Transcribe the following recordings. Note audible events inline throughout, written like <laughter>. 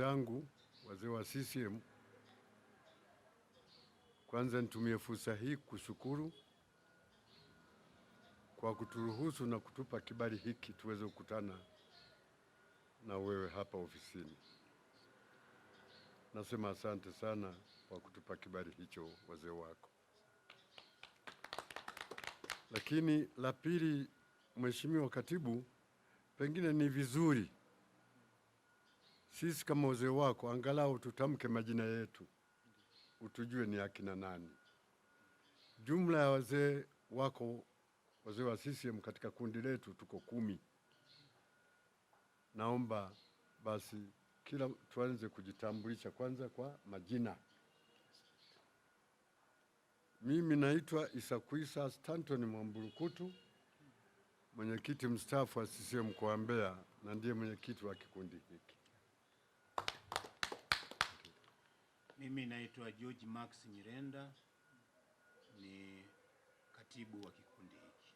zangu wazee wa CCM, kwanza nitumie fursa hii kushukuru kwa kuturuhusu na kutupa kibali hiki tuweze kukutana na wewe hapa ofisini. Nasema asante sana kwa kutupa kibali hicho wazee wako. Lakini la pili, Mheshimiwa Katibu, pengine ni vizuri sisi kama wazee wako angalau tutamke majina yetu, utujue ni akina nani. Jumla ya wazee wako, wazee wa CCM katika kundi letu tuko kumi. Naomba basi kila tuanze kujitambulisha kwanza kwa majina. Mimi naitwa isakuisa Stanton Mwambulukutu, mwenyekiti mstaafu wa CCM mkoa wa Mbeya na ndiye mwenyekiti wa kikundi hiki. Mimi naitwa George Max Nyirenda, ni katibu wa kikundi hiki.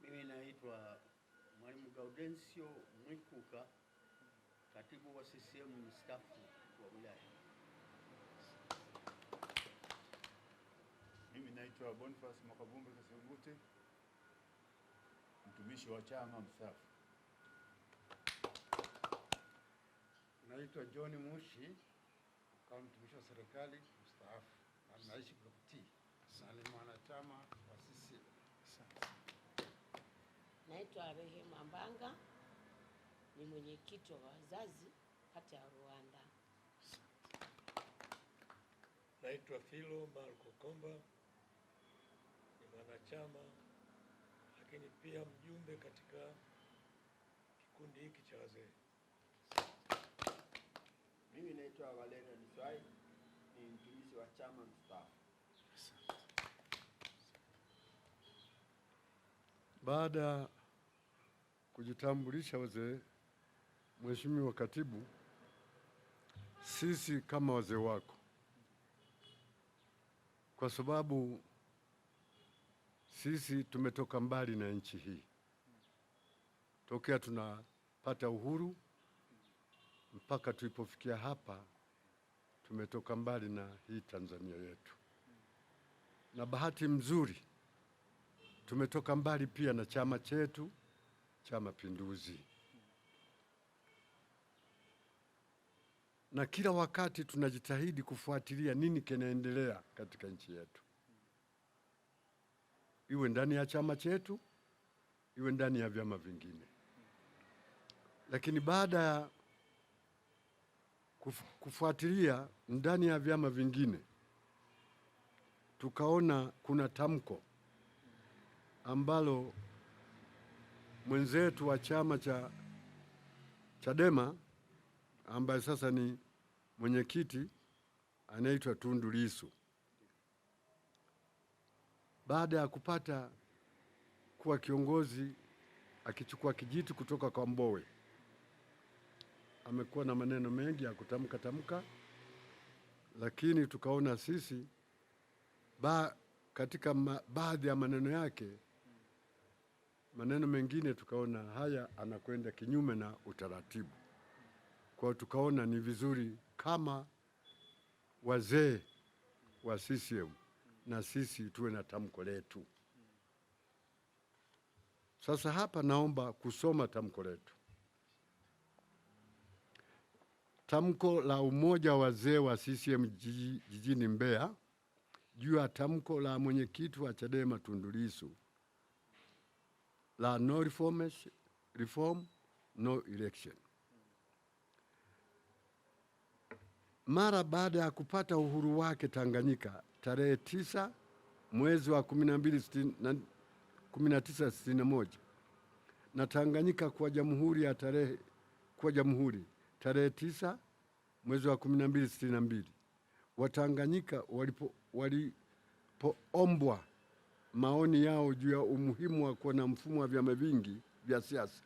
Mimi naitwa Mwalimu Gaudensio Mwikuka, katibu wa CCM mstaafu wa wilaya. Mimi naitwa Boniface Mwakabumbe Kasengute, mtumishi wa chama mstaafu. Naitwa John Mushi, kama mtumishi wa serikali mstaafu, anaishi naishi block T na ni mwanachama wa CCM. Naitwa Rehema Mbanga, ni mwenyekiti wa wazazi kata ya Ruanda. Naitwa Filo marco Komba, ni mwanachama lakini pia mjumbe katika kikundi hiki cha wazee. Mimi naitwa Valerian Niswai, ni mtumishi wa chama mstaafu. Baada ya kujitambulisha wazee, Mheshimiwa Katibu, sisi kama wazee wako, kwa sababu sisi tumetoka mbali na nchi hii tokea tunapata uhuru mpaka tulipofikia hapa, tumetoka mbali na hii Tanzania yetu, na bahati mzuri tumetoka mbali pia na chama chetu cha Mapinduzi, na kila wakati tunajitahidi kufuatilia nini kinaendelea katika nchi yetu, iwe ndani ya chama chetu, iwe ndani ya vyama vingine. Lakini baada ya kufuatilia ndani ya vyama vingine, tukaona kuna tamko ambalo mwenzetu wa chama cha Chadema ambaye sasa ni mwenyekiti anaitwa Tundu Lissu, baada ya kupata kuwa kiongozi akichukua kijiti kutoka kwa Mbowe amekuwa na maneno mengi ya kutamka tamka, lakini tukaona sisi ba, katika baadhi ya maneno yake, maneno mengine tukaona haya anakwenda kinyume na utaratibu. Kwa tukaona ni vizuri kama wazee wa CCM na sisi tuwe na tamko letu. Sasa hapa naomba kusoma tamko letu. tamko la umoja wa wazee wa CCM jijini Mbeya juu ya tamko la mwenyekiti wa Chadema Tundu Lissu la no reform no election. Mara baada ya kupata uhuru wake Tanganyika tarehe tisa mwezi wa 1961 na Tanganyika kwa jamhuri ya tarehe kwa jamhuri tarehe tisa mwezi wa kumi na mbili sitini na mbili Watanganyika walipoombwa walipo maoni yao juu ya umuhimu wa kuwa na mfumo wa vyama vingi vya siasa,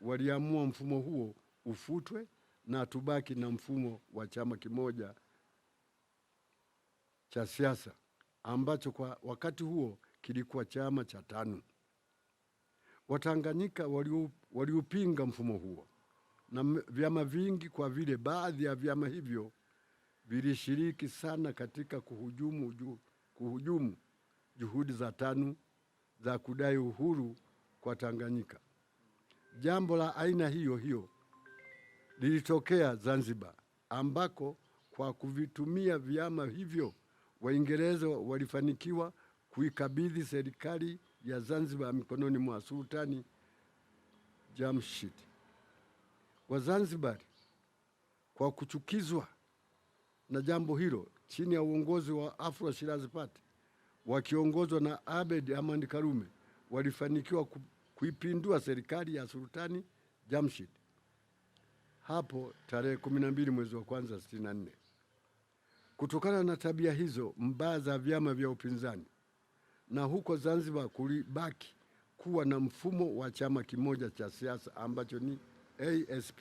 waliamua mfumo huo ufutwe na tubaki na mfumo wa chama kimoja cha siasa ambacho kwa wakati huo kilikuwa chama cha TANU. Watanganyika waliupinga mfumo huo na vyama vingi, kwa vile baadhi ya vyama hivyo vilishiriki sana katika kuhujumu, ju, kuhujumu juhudi za TANU za kudai uhuru kwa Tanganyika. Jambo la aina hiyo hiyo lilitokea Zanzibar ambako kwa kuvitumia vyama hivyo Waingereza walifanikiwa kuikabidhi serikali ya Zanzibar mikononi mwa Sultani Jamshid. Wazanzibari kwa kuchukizwa na jambo hilo chini ya uongozi wa Afro Shirazi Party wakiongozwa na Abed Amand Karume walifanikiwa kuipindua serikali ya Sultani Jamshid hapo tarehe 12 mwezi wa kwanza 64. Kutokana na tabia hizo mbaya za vyama vya upinzani na huko Zanzibar kulibaki kuwa na mfumo wa chama kimoja cha siasa ambacho ni ASP.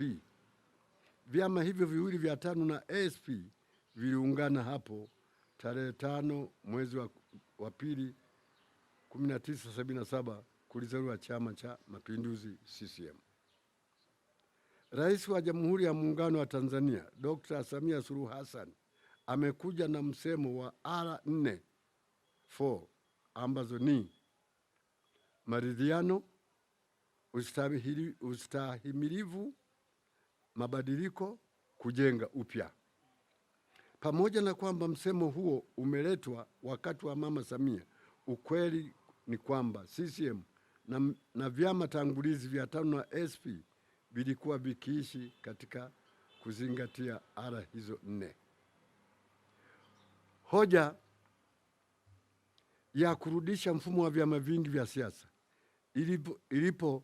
Vyama hivyo viwili vya TANU na ASP viliungana hapo tarehe tano mwezi wa, wa pili 1977 kulizaliwa Chama cha Mapinduzi CCM. Rais wa Jamhuri ya Muungano wa Tanzania Dr. Samia Suluhu Hassan amekuja na msemo wa R4 ambazo ni maridhiano ustahimili, ustahimilivu, mabadiliko, kujenga upya. Pamoja na kwamba msemo huo umeletwa wakati wa Mama Samia, ukweli ni kwamba CCM na, na vyama tangulizi vya TANU na SP vilikuwa vikiishi katika kuzingatia ara hizo nne. Hoja ya kurudisha mfumo wa vyama vingi vya siasa ilipo, ilipo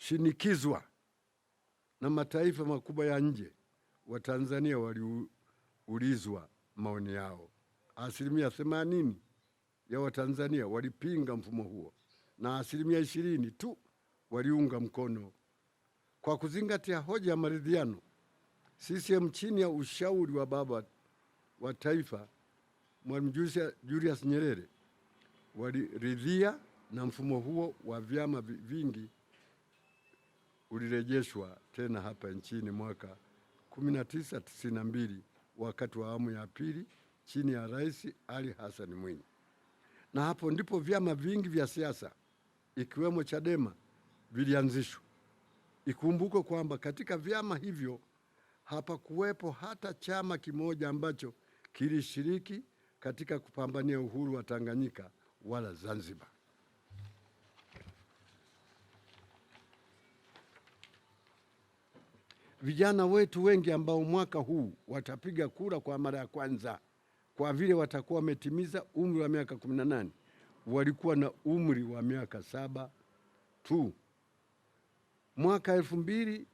shinikizwa na mataifa makubwa ya nje, Watanzania waliulizwa maoni yao. Asilimia themanini ya Watanzania walipinga mfumo huo na asilimia ishirini tu waliunga mkono. Kwa kuzingatia hoja ya maridhiano, CCM chini ya ushauri wa baba wa taifa Mwalimu Julius Nyerere waliridhia na mfumo huo wa vyama vingi ulirejeshwa tena hapa nchini mwaka 1992 wakati wa awamu ya pili chini ya Rais Ali Hassan Mwinyi, na hapo ndipo vyama vingi vya siasa ikiwemo Chadema vilianzishwa. Ikumbukwe kwamba katika vyama hivyo hapakuwepo hata chama kimoja ambacho kilishiriki katika kupambania uhuru wa Tanganyika wala Zanzibar. vijana wetu wengi ambao mwaka huu watapiga kura kwa mara ya kwanza, kwa vile watakuwa wametimiza umri wa miaka 18 walikuwa na umri wa miaka saba tu mwaka elfu mbili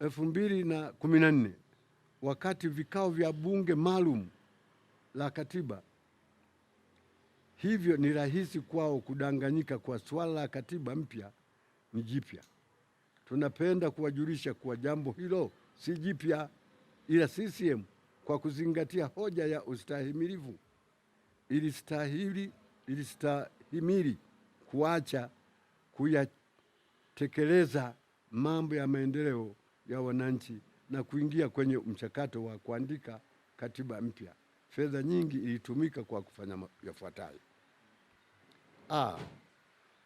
elfu mbili na kumi na nne wakati vikao vya bunge maalum la katiba. Hivyo ni rahisi kwao kudanganyika kwa suala la katiba mpya ni jipya tunapenda kuwajulisha kuwa jambo hilo si jipya, ila CCM kwa kuzingatia hoja ya ustahimilivu ilistahili ilistahimili kuacha kuyatekeleza mambo ya maendeleo ya wananchi na kuingia kwenye mchakato wa kuandika katiba mpya. Fedha nyingi ilitumika kwa kufanya yafuatayo: A,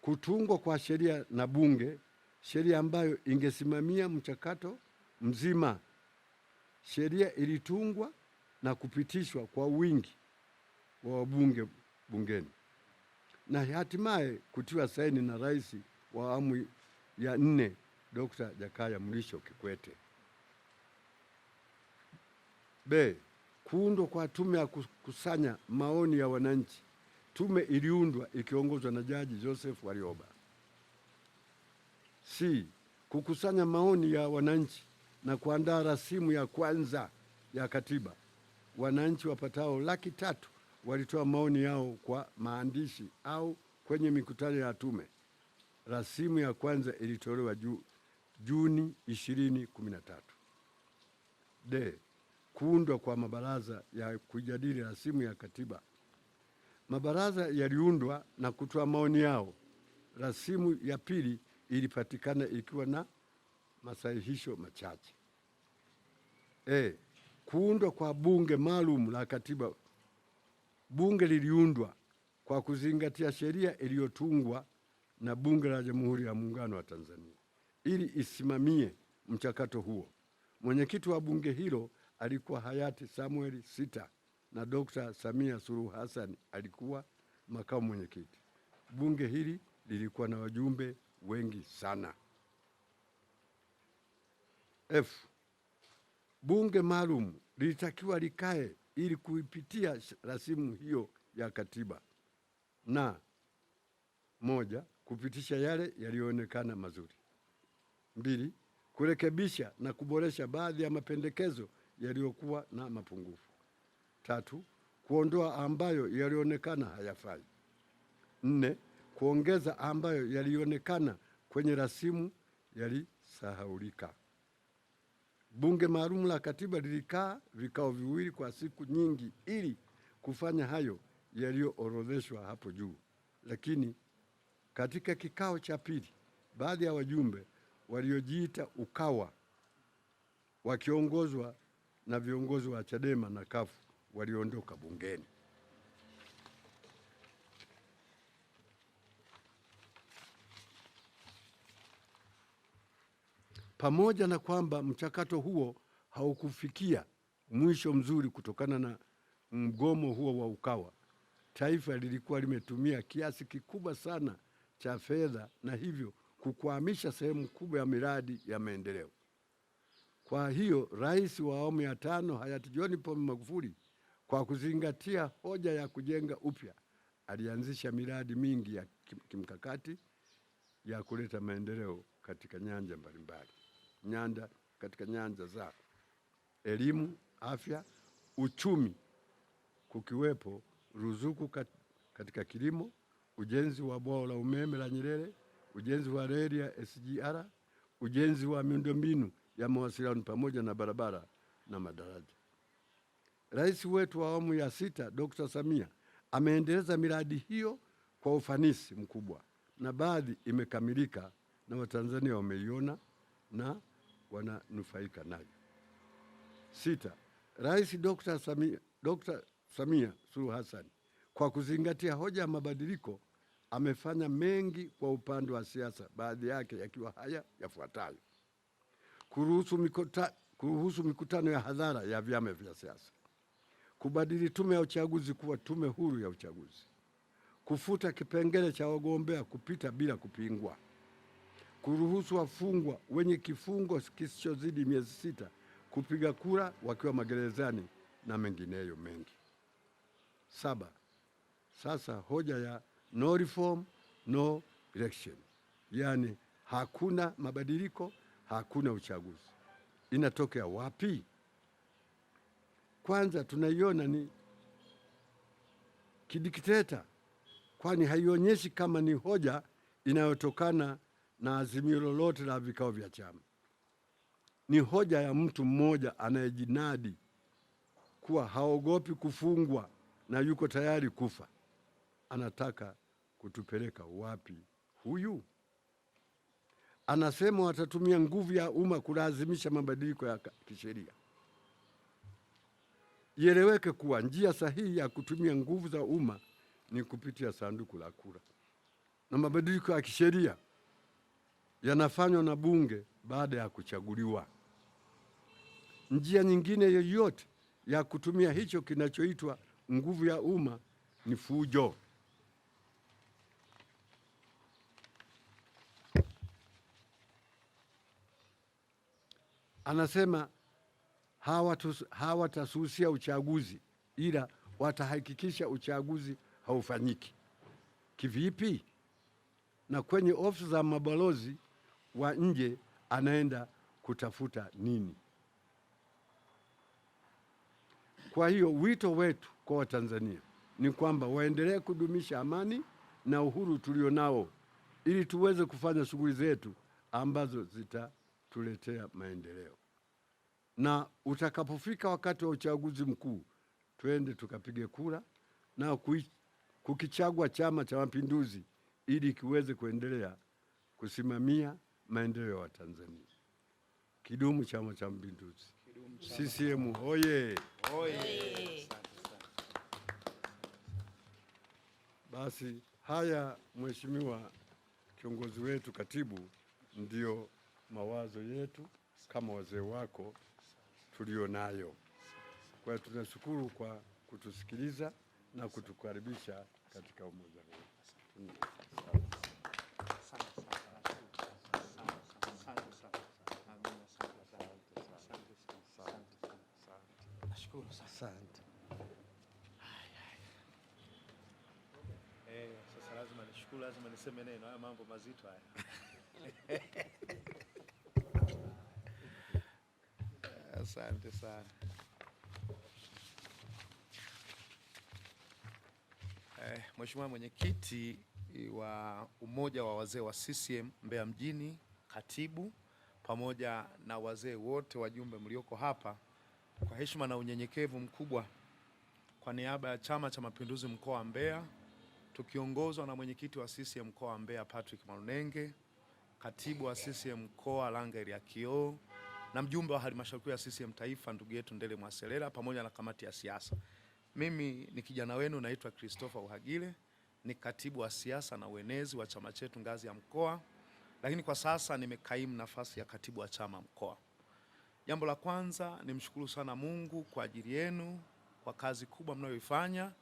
kutungwa kwa sheria na bunge sheria ambayo ingesimamia mchakato mzima. Sheria ilitungwa na kupitishwa kwa wingi wa wabunge bungeni na hatimaye kutiwa saini na rais wa awamu ya nne Dr. Jakaya Mrisho Kikwete. B. Kuundwa kwa tume ya kukusanya maoni ya wananchi. Tume iliundwa ikiongozwa na Jaji Joseph Warioba si kukusanya maoni ya wananchi na kuandaa rasimu ya kwanza ya katiba. Wananchi wapatao laki tatu walitoa maoni yao kwa maandishi au kwenye mikutano ya tume. Rasimu ya kwanza ilitolewa ju, Juni 2013. D. Kuundwa kwa mabaraza ya kujadili rasimu ya katiba. Mabaraza yaliundwa na kutoa maoni yao. Rasimu ya pili ilipatikana ikiwa na masahihisho machache. E, kuundwa kwa bunge maalum la katiba. Bunge liliundwa kwa kuzingatia sheria iliyotungwa na bunge la Jamhuri ya Muungano wa Tanzania ili isimamie mchakato huo. Mwenyekiti wa bunge hilo alikuwa hayati Samuel Sita na Dr. Samia Suluhu Hassan alikuwa makamu mwenyekiti. Bunge hili lilikuwa na wajumbe wengi sana. F. Bunge maalum lilitakiwa likae ili kuipitia rasimu hiyo ya katiba na moja, kupitisha yale yaliyoonekana mazuri; mbili, kurekebisha na kuboresha baadhi ya mapendekezo yaliyokuwa na mapungufu; tatu, kuondoa ambayo yalionekana hayafai; nne, kuongeza ambayo yalionekana kwenye rasimu yalisahaulika. Bunge maalum la Katiba lilikaa vikao viwili kwa siku nyingi ili kufanya hayo yaliyoorodheshwa hapo juu, lakini katika kikao cha pili, baadhi ya wajumbe waliojiita Ukawa wakiongozwa na viongozi wa Chadema na Kafu waliondoka bungeni. pamoja na kwamba mchakato huo haukufikia mwisho mzuri kutokana na mgomo huo wa Ukawa, taifa lilikuwa limetumia kiasi kikubwa sana cha fedha na hivyo kukwamisha sehemu kubwa ya miradi ya maendeleo. Kwa hiyo rais wa awamu ya tano hayati John Pombe Magufuli, kwa kuzingatia hoja ya kujenga upya, alianzisha miradi mingi ya kimkakati ya kuleta maendeleo katika nyanja mbalimbali nyanda, katika nyanja za elimu, afya, uchumi, kukiwepo ruzuku katika kilimo, ujenzi wa bwawa la umeme la Nyerere, ujenzi wa reli ya SGR, ujenzi wa miundombinu ya mawasiliano pamoja na barabara na madaraja. Rais wetu wa awamu ya sita Dr. Samia ameendeleza miradi hiyo kwa ufanisi mkubwa na baadhi imekamilika na Watanzania wameiona na wananufaika nayo. Sita, Rais Dr. Samia, Dr. Samia Suluhu Hassan kwa kuzingatia hoja ya mabadiliko amefanya mengi kwa upande wa siasa, baadhi yake yakiwa haya yafuatayo: kuruhusu mikota, kuruhusu mikutano ya hadhara ya vyama vya siasa, kubadili tume ya uchaguzi kuwa tume huru ya uchaguzi, kufuta kipengele cha wagombea kupita bila kupingwa kuruhusu wafungwa wenye kifungo kisichozidi miezi sita kupiga kura wakiwa magerezani na mengineyo mengi. Saba, sasa hoja ya no reform no election, yaani hakuna mabadiliko hakuna uchaguzi inatokea wapi? Kwanza tunaiona ni kidikteta, kwani haionyeshi kama ni hoja inayotokana na azimio lolote la vikao vya chama. Ni hoja ya mtu mmoja anayejinadi kuwa haogopi kufungwa na yuko tayari kufa. Anataka kutupeleka wapi huyu? Anasema watatumia nguvu ya umma kulazimisha mabadiliko ya kisheria. Ieleweke kuwa njia sahihi ya kutumia nguvu za umma ni kupitia sanduku la kura na mabadiliko ya kisheria yanafanywa na bunge baada ya kuchaguliwa. Njia nyingine yoyote ya kutumia hicho kinachoitwa nguvu ya umma ni fujo. Anasema hawatasusia uchaguzi, ila watahakikisha uchaguzi haufanyiki. Kivipi? Na kwenye ofisi za mabalozi wa nje anaenda kutafuta nini? Kwa hiyo wito wetu kwa Watanzania ni kwamba waendelee kudumisha amani na uhuru tulio nao ili tuweze kufanya shughuli zetu ambazo zitatuletea maendeleo, na utakapofika wakati wa uchaguzi mkuu twende tukapige kura na kukichagua Chama cha Mapinduzi ili kiweze kuendelea kusimamia maendeleo ya Tanzania. Kidumu Chama cha Mapinduzi! CCM hoye! Basi haya, mheshimiwa kiongozi wetu, katibu, ndio mawazo yetu kama wazee wako nayo. Kwa hiyo tunashukuru kwa kutusikiliza na kutukaribisha katika umoja huu. Asante. Eh, sasa lazima nishukuru, lazima niseme neno. Haya mambo mazito haya. <laughs> Asante sana. Eh, Mheshimiwa mwenyekiti wa umoja wa wazee wa CCM Mbeya mjini, katibu pamoja na wazee wote wajumbe mlioko hapa heshima na unyenyekevu mkubwa, kwa niaba ya Chama cha Mapinduzi mkoa wa Mbeya tukiongozwa na mwenyekiti wa CCM mkoa wa Mbeya Patrick Malunenge, katibu wa CCM mkoa Langa Iliakio na mjumbe wa halmashauri ya CCM taifa ndugu yetu Ndele Mwaselela pamoja na kamati ya siasa. Mimi ni kijana wenu, naitwa Christopher Uhagile, ni katibu wa siasa na uenezi wa chama chetu ngazi ya mkoa, lakini kwa sasa nimekaimu nafasi ya katibu wa chama mkoa. Jambo la kwanza ni mshukuru sana Mungu kwa ajili yenu kwa kazi kubwa mnayoifanya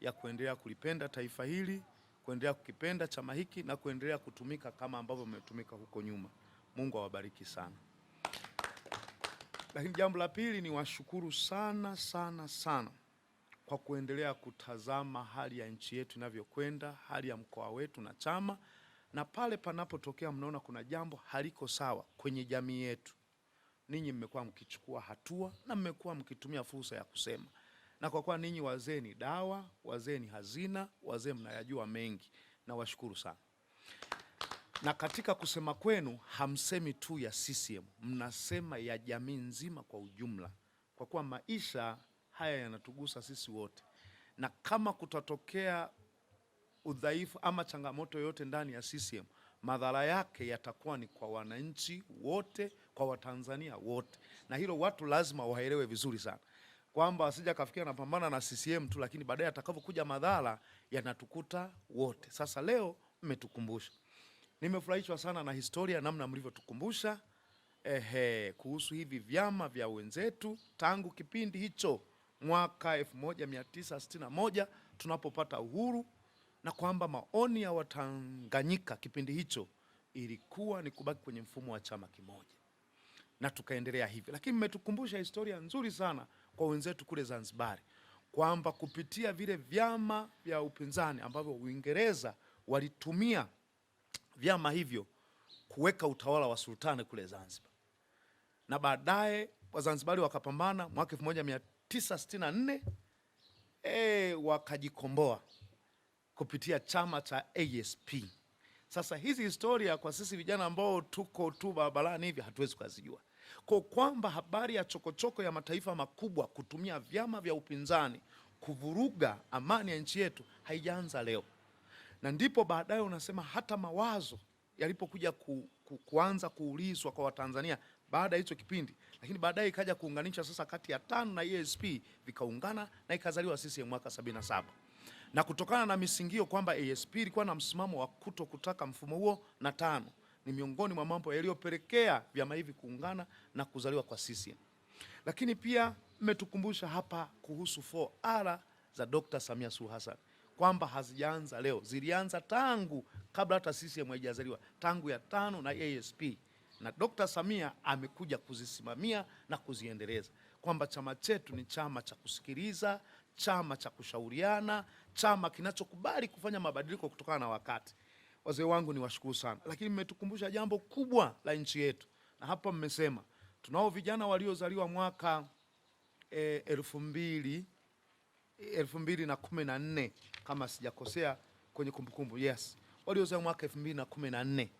ya kuendelea kulipenda taifa hili, kuendelea kukipenda chama hiki na kuendelea kutumika kama ambavyo mmetumika huko nyuma. Mungu awabariki sana. Lakini jambo la pili ni washukuru sana sana sana kwa kuendelea kutazama hali ya nchi yetu inavyokwenda, hali ya mkoa wetu na chama, na pale panapotokea mnaona kuna jambo haliko sawa kwenye jamii yetu ninyi mmekuwa mkichukua hatua na mmekuwa mkitumia fursa ya kusema, na kwa kuwa ninyi wazee ni dawa, wazee ni hazina, wazee mnayajua mengi, nawashukuru sana. Na katika kusema kwenu hamsemi tu ya CCM, mnasema ya jamii nzima kwa ujumla, kwa kuwa maisha haya yanatugusa sisi wote, na kama kutatokea udhaifu ama changamoto yoyote ndani ya CCM madhara yake yatakuwa ni kwa wananchi wote, kwa Watanzania wote, na hilo watu lazima waelewe vizuri sana kwamba asija kafikia anapambana na CCM tu, lakini baadaye atakavyokuja madhara yanatukuta wote. Sasa leo mmetukumbusha, nimefurahishwa sana na historia, namna mlivyotukumbusha ehe, kuhusu hivi vyama vya wenzetu tangu kipindi hicho mwaka 1961 tunapopata uhuru na kwamba maoni ya Watanganyika kipindi hicho ilikuwa ni kubaki kwenye mfumo wa chama kimoja, na tukaendelea hivi. Lakini mmetukumbusha historia nzuri sana kwa wenzetu kule Zanzibari kwamba kupitia vile vyama vya upinzani ambavyo Uingereza walitumia vyama hivyo kuweka utawala wa sultani kule Zanzibar, na baadaye Wazanzibari wakapambana mwaka 1964 eh, wakajikomboa kupitia chama cha ASP. Sasa hizi historia kwa sisi vijana ambao tuko tu barabarani hivi hatuwezi kuzijua. Kwa kwamba habari ya chokochoko choko ya mataifa makubwa kutumia vyama vya upinzani kuvuruga amani ya nchi yetu haijaanza leo, na ndipo baadaye unasema hata mawazo yalipokuja ku, ku, kuanza kuulizwa kwa Watanzania baada ya hicho kipindi, lakini baadaye ikaja kuunganisha sasa kati ya TANU na ASP vikaungana na ikazaliwa CCM mwaka 77 na kutokana na misingio kwamba ASP ilikuwa na msimamo wa kuto kutaka mfumo huo, na tano ni miongoni mwa mambo yaliyopelekea vyama hivi kuungana na kuzaliwa kwa sisi. Lakini pia mmetukumbusha hapa kuhusu 4R za Dr. Samia Suluhu Hassan kwamba hazijaanza leo, zilianza tangu kabla hata sisi haijazaliwa, tangu ya tano na ASP, na Dr. Samia amekuja kuzisimamia na kuziendeleza, kwamba chama chetu ni chama cha kusikiliza chama cha kushauriana, chama kinachokubali kufanya mabadiliko kutokana na wakati. Wazee wangu, niwashukuru sana, lakini mmetukumbusha jambo kubwa la nchi yetu, na hapa mmesema tunao vijana waliozaliwa mwaka e, elfu mbili elfu mbili na kumi na nne kama sijakosea kwenye kumbukumbu yes, waliozaliwa mwaka elfu mbili na kumi na nne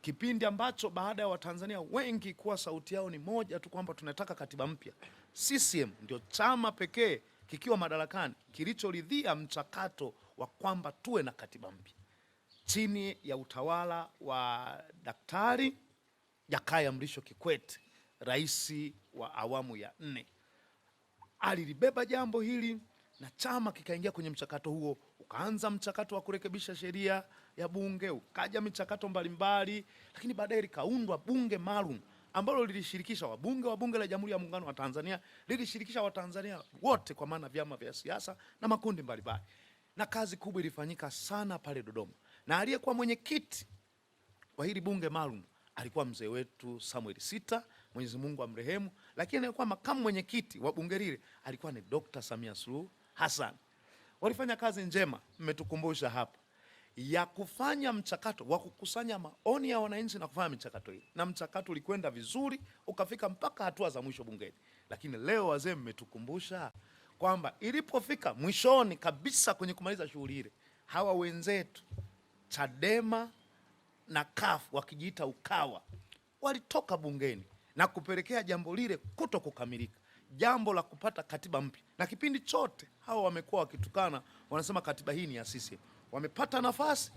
kipindi ambacho baada ya Watanzania wengi kuwa sauti yao ni moja tu kwamba tunataka katiba mpya. CCM ndio chama pekee kikiwa madarakani kilichoridhia mchakato wa kwamba tuwe na katiba mpya chini ya utawala wa Daktari Jakaya Mrisho Kikwete, rais wa awamu ya nne. Alilibeba jambo hili na chama kikaingia kwenye mchakato huo, ukaanza mchakato wa kurekebisha sheria ya bunge, ukaja michakato mbalimbali, lakini baadaye likaundwa bunge maalum ambalo lilishirikisha wabunge wa bunge la Jamhuri ya Muungano wa Tanzania, lilishirikisha Watanzania wote kwa maana vyama vya siasa na makundi mbalimbali, na kazi kubwa ilifanyika sana pale Dodoma, na aliyekuwa mwenyekiti wa hili bunge maalum alikuwa mzee wetu Samuel Sita, Mwenyezi Mungu amrehemu, lakini aliyekuwa makamu mwenyekiti wa bunge lile alikuwa ni Dr. Samia Suluhu Hassan. Walifanya kazi njema, mmetukumbusha hapa ya kufanya mchakato wa kukusanya maoni ya wananchi na kufanya michakato hii, na mchakato ulikwenda vizuri ukafika mpaka hatua za mwisho bungeni. Lakini leo wazee, mmetukumbusha kwamba ilipofika mwishoni kabisa kwenye kumaliza shughuli ile, hawa wenzetu Chadema na CUF wakijiita Ukawa walitoka bungeni na kupelekea jambo lile kuto kukamilika, jambo la kupata katiba mpya. Na kipindi chote hawa wamekuwa wakitukana, wanasema katiba hii ni ya sisi wamepata nafasi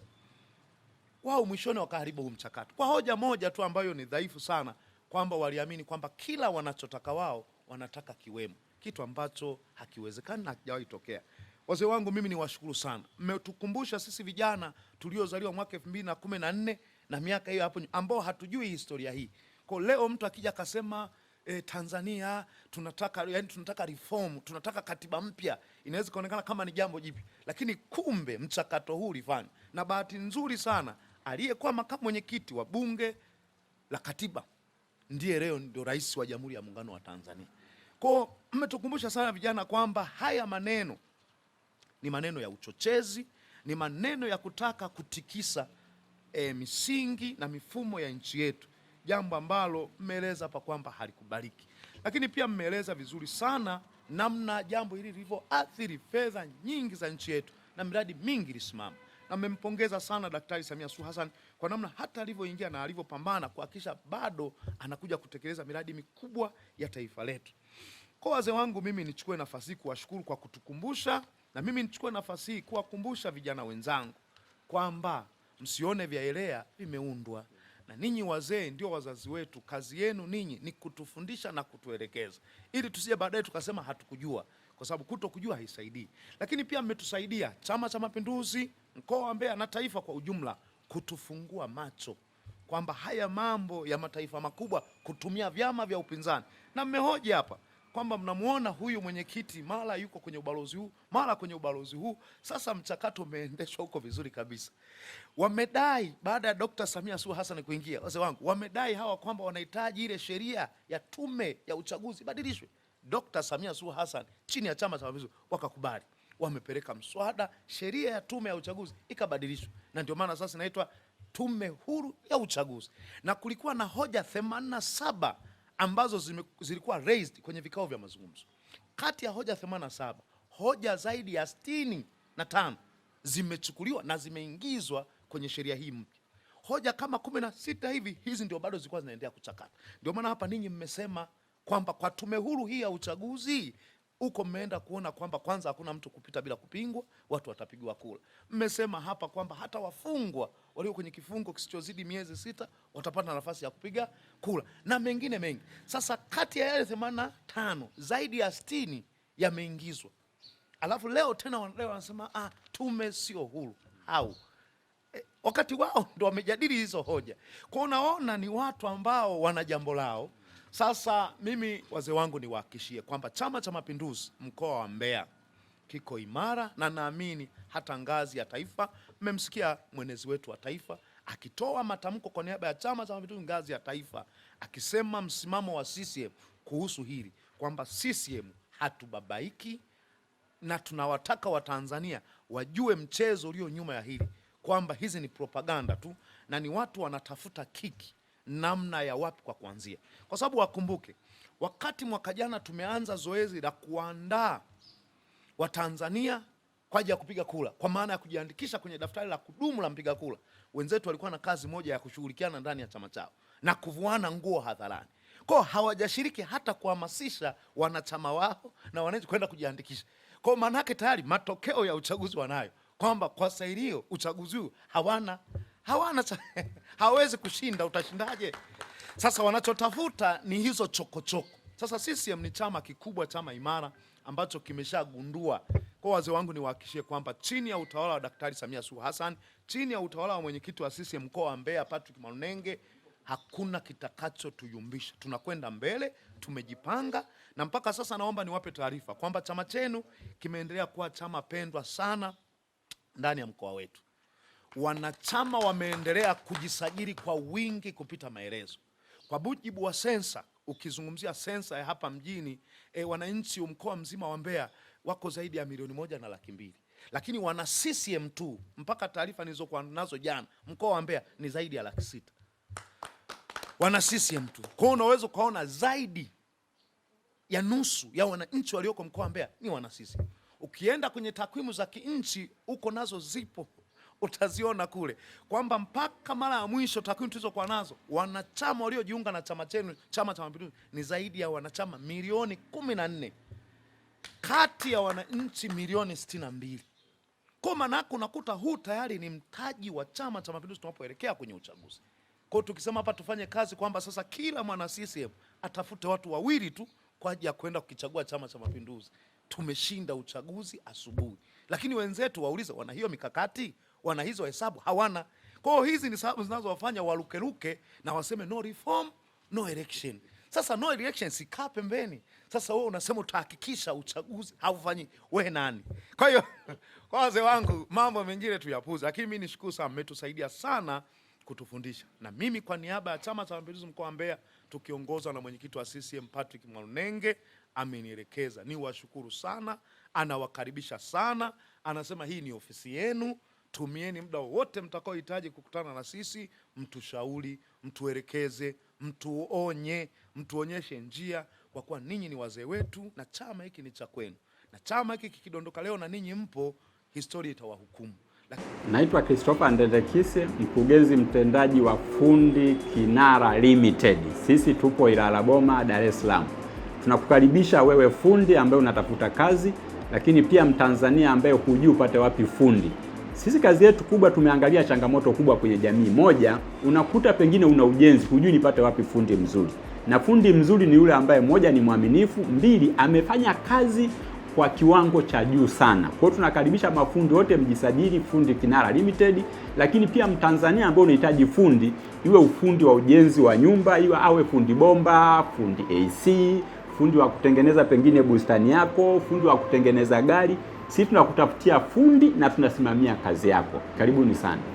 wao, mwishoni wakaharibu huu mchakato kwa hoja moja tu ambayo ni dhaifu sana, kwamba waliamini kwamba kila wanachotaka wao wanataka kiwemo, kitu ambacho hakiwezekani na hakijawahi tokea. Wazee wangu, mimi ni washukuru sana, mmetukumbusha sisi vijana tuliozaliwa mwaka elfu mbili na kumi na nne na miaka hiyo hapo, ambao hatujui historia hii. ko leo mtu akija akasema e, Tanzania tunataka yani, tunataka reform, tunataka katiba mpya. Inaweza kuonekana kama ni jambo jipi, lakini kumbe mchakato huu ulifanya, na bahati nzuri sana aliyekuwa makamu mwenyekiti wa bunge la katiba ndiye leo ndio rais wa Jamhuri ya Muungano wa Tanzania. Kwa mmetukumbusha sana vijana kwamba haya maneno ni maneno ya uchochezi, ni maneno ya kutaka kutikisa e, misingi na mifumo ya nchi yetu jambo ambalo mmeeleza hapa kwamba halikubaliki, lakini pia mmeeleza vizuri sana namna jambo hili lilivyoathiri fedha nyingi za nchi yetu na miradi mingi ilisimama, na mmempongeza sana Daktari Samia Suluhu Hassan kwa namna hata alivyoingia na alivyopambana kuhakikisha bado anakuja kutekeleza miradi mikubwa ya taifa letu. Kwa wazee wangu, mimi nichukue nafasi hii kuwashukuru kwa kutukumbusha, na mimi nichukue nafasi hii kuwakumbusha vijana wenzangu kwamba msione vyaelea vimeundwa na ninyi wazee ndio wazazi wetu. Kazi yenu ninyi ni kutufundisha na kutuelekeza, ili tusije baadaye tukasema hatukujua, kwa sababu kutokujua haisaidii. Lakini pia mmetusaidia Chama cha Mapinduzi, mkoa wa Mbeya na taifa kwa ujumla, kutufungua macho kwamba haya mambo ya mataifa makubwa kutumia vyama vya upinzani, na mmehoji hapa kwamba mnamwona huyu mwenyekiti mara yuko kwenye ubalozi huu mara kwenye ubalozi huu. Sasa mchakato umeendeshwa huko vizuri kabisa. Wamedai baada ya Dkt. Samia Suluhu Hassan kuingia, wazee wangu, wamedai hawa kwamba wanahitaji ile sheria ya tume ya uchaguzi ibadilishwe. Dkt. Samia Suluhu Hassan chini ya Chama cha Mapinduzi wakakubali, wamepeleka mswada, sheria ya tume ya uchaguzi ikabadilishwa, na ndio maana sasa inaitwa tume huru ya uchaguzi, na kulikuwa na hoja 87 ambazo zime, zilikuwa raised kwenye vikao vya mazungumzo. Kati ya hoja 87 hoja zaidi ya sitini na tano zimechukuliwa na zimeingizwa kwenye sheria hii mpya. Hoja kama kumi na sita hivi hizi ndio bado zilikuwa zinaendelea kuchakata. Ndio maana hapa ninyi mmesema kwamba kwa tume huru hii ya uchaguzi huko mmeenda kuona kwamba kwanza hakuna mtu kupita bila kupingwa, watu watapigwa kula. Mmesema hapa kwamba hata wafungwa walio kwenye kifungo kisichozidi miezi sita watapata nafasi ya kupiga kula na mengine mengi. Sasa kati ya yale themanini na tano zaidi ya sitini yameingizwa, alafu leo tena wanadai wanasema ah, tume sio huru au e, eh, wakati wao ndo wamejadili hizo hoja kwao. Unaona, ni watu ambao wana jambo lao sasa mimi wazee wangu niwahakikishie kwamba Chama cha Mapinduzi mkoa wa Mbeya kiko imara na naamini hata ngazi ya taifa. Mmemsikia mwenezi wetu wa taifa akitoa matamko kwa niaba ya Chama cha Mapinduzi ngazi ya taifa, akisema msimamo wa CCM kuhusu hili kwamba CCM hatubabaiki na tunawataka Watanzania wajue mchezo ulio nyuma ya hili, kwamba hizi ni propaganda tu na ni watu wanatafuta kiki namna ya wapi kwa kuanzia, kwa sababu wakumbuke, wakati mwaka jana tumeanza zoezi la kuandaa Watanzania kwa ajili ya kupiga kura, kwa maana ya kujiandikisha kwenye daftari la kudumu la mpiga kura. Wenzetu walikuwa na kazi moja ya kushughulikiana ndani ya chama chao na kuvuana nguo hadharani kwao, hawajashiriki hata kuhamasisha wanachama wao na wananchi kwenda kujiandikisha Kwa Maana yake tayari matokeo ya uchaguzi wanayo, kwamba kwa sairio uchaguzi huu hawana hawana cha <laughs> hawezi kushinda, utashindaje? Sasa wanachotafuta ni hizo chokochoko choko. Sasa CCM ni chama kikubwa, chama imara ambacho kimeshagundua kwa wazee wangu niwahakikishie kwamba chini ya utawala wa Daktari Samia Suluhu Hassan, chini ya utawala wa mwenyekiti wa CCM mkoa wa Mbeya Patrick Malunenge, hakuna kitakachotuyumbisha. Tunakwenda mbele, tumejipanga, na mpaka sasa naomba niwape taarifa kwamba chama chenu kimeendelea kuwa chama pendwa sana ndani ya mkoa wetu wanachama wameendelea kujisajili kwa wingi kupita maelezo. Kwa mujibu wa sensa, ukizungumzia sensa ya hapa mjini e, wananchi mkoa mzima wa Mbeya wako zaidi ya milioni moja na laki mbili lakini wana CCM tu mpaka taarifa nilizokuwa nazo jana, mkoa wa Mbeya ni zaidi ya laki sita wana CCM tu. Kwa hiyo unaweza ukaona zaidi ya nusu ya wananchi walioko mkoa wa Mbeya ni wana CCM. Ukienda kwenye takwimu za kinchi huko nazo zipo utaziona kule kwamba mpaka mara ya mwisho takwimu tulizokuwa nazo, wanachama waliojiunga na chama chenu Chama cha Mapinduzi ni zaidi ya wanachama milioni kumi na nne kati ya wananchi milioni sitini na mbili kwa maana unakuta huu tayari ni mtaji wa Chama cha Mapinduzi tunapoelekea kwenye uchaguzi. Kwa hiyo tukisema hapa tufanye kazi kwamba sasa kila mwana CCM atafute watu wawili tu kwa ajili ya kwenda kukichagua Chama cha Mapinduzi, tumeshinda uchaguzi asubuhi. Lakini wenzetu waulize, wana hiyo mikakati? wana hizo hesabu hawana. Kwa hiyo hizi ni sababu zinazowafanya walukeluke na waseme no reform no election. Sasa no election sikaa pembeni. Sasa wewe unasema utahakikisha uchaguzi haufanyi, wewe nani? Kwa hiyo <laughs> kwa wazee wangu, mambo mengine tuyapuze, lakini mimi nishukuru sana, mmetusaidia sana kutufundisha. Na mimi kwa niaba ya Chama cha Mapinduzi mkoa wa Mbeya tukiongozwa na mwenyekiti wa CCM Patrick Mwanenge amenielekeza, ni washukuru sana, anawakaribisha sana, anasema hii ni ofisi yenu tumieni muda wote mtakaohitaji kukutana na sisi, mtushauri, mtuelekeze, mtuonye, mtuonyeshe njia, kwa kuwa ninyi ni wazee wetu na chama hiki ni cha kwenu, na chama hiki kikidondoka leo na ninyi mpo, historia itawahukumu. Naitwa Christopher Ndendekise, mkurugenzi mtendaji wa Fundi Kinara Limited. Sisi tupo Ilala Boma, Dar es Salaam. Tunakukaribisha wewe fundi ambaye unatafuta kazi, lakini pia Mtanzania ambaye hujui upate wapi fundi. Sisi kazi yetu kubwa, tumeangalia changamoto kubwa kwenye jamii. Moja, unakuta pengine una ujenzi, hujui nipate wapi fundi mzuri, na fundi mzuri ni yule ambaye moja, ni mwaminifu; mbili, amefanya kazi kwa kiwango cha juu sana. Kwa hiyo tunakaribisha mafundi wote mjisajili Fundi Kinara Limited, lakini pia Mtanzania ambaye unahitaji fundi, iwe ufundi wa ujenzi wa nyumba, iwe awe fundi bomba, fundi AC, fundi wa kutengeneza pengine bustani yako, fundi wa kutengeneza gari sisi tunakutafutia fundi na tunasimamia kazi yako. Karibuni sana.